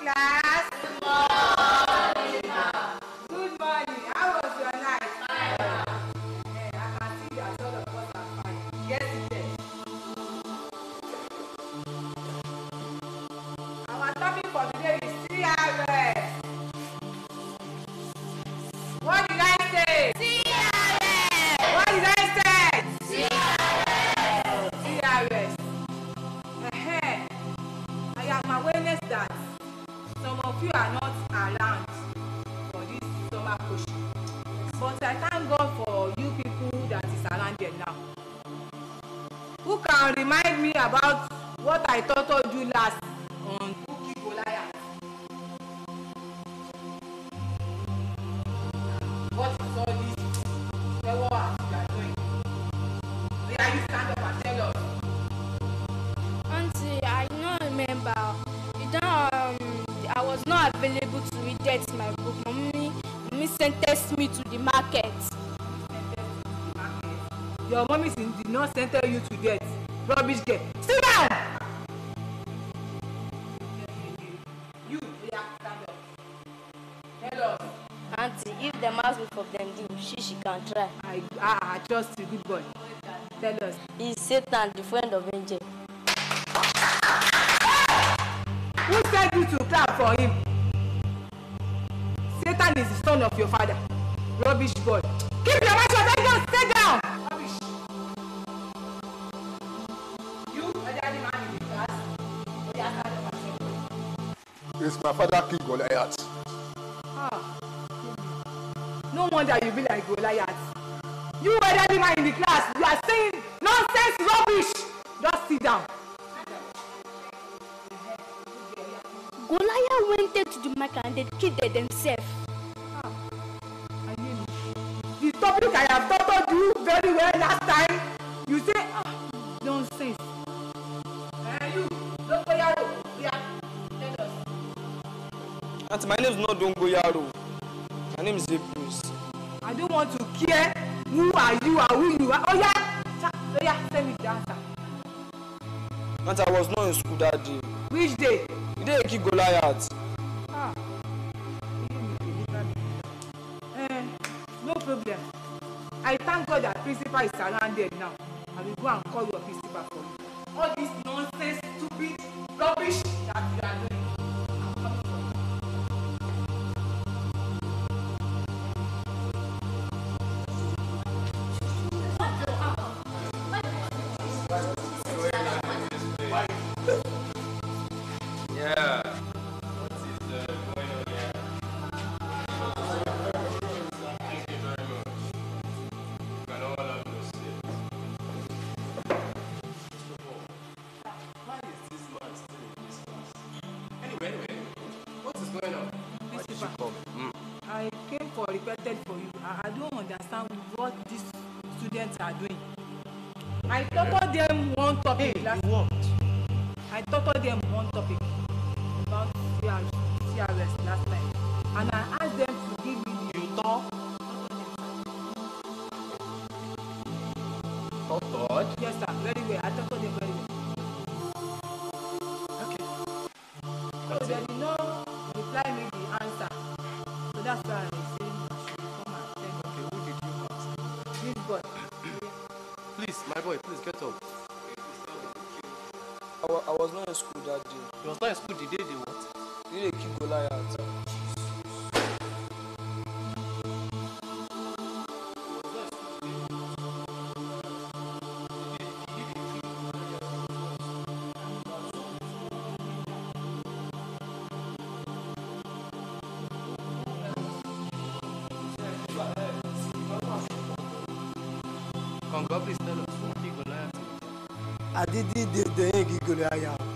class. some of you are not around for this summer coaching but I thank God for you people that is around here now who can remind me about what I taught you last available to reject my book. Mommy, mommy sentenced me to the market. Your mommy did not sentence you to death. Rubbish girl. Sit down! You, Hello. Auntie, if the mouse will for them do, she she can try. I ah, trust you, good boy. Tell us. Is Satan the friend of angel? Who sent you to clap for him? Satan is the son of your father. Rubbish boy. Keep your mouth shut. Stay down. Stay down. Rubbish. You, elderly man in the class, you are part of my It's my father, King Goliath. Ah. No wonder you be like Goliath. You were elderly man in the class, you are saying nonsense, rubbish. Just sit down. Goliath went to the market and they killed themselves topic I have taught you very well last time. You say, ah, nonsense. And eh, you, Dongoyaro, yeah, tell us. Auntie, my name is not Dongoyaro. My name is Aprils. I don't want to care who are you or who you are. Oh yeah, oh yeah, tell me the answer. Auntie, I was not in school that day. Which day? The day I keep Goliath. problem. I thank God that principal is around there now. I will go and call your principal for you. All this for repeated for you I, I don't understand what these students are doing I taught them one topic hey, last week. I taught them one topic about CR, CRS last night. and I asked them to give me the you taught taught oh, yes sir very well I taught them Please, my boy, please get up. I, was not in school that day. You was not in school the day they what? The day they kill Goliath. Congo, please. I adidi dede egigolo ayawo.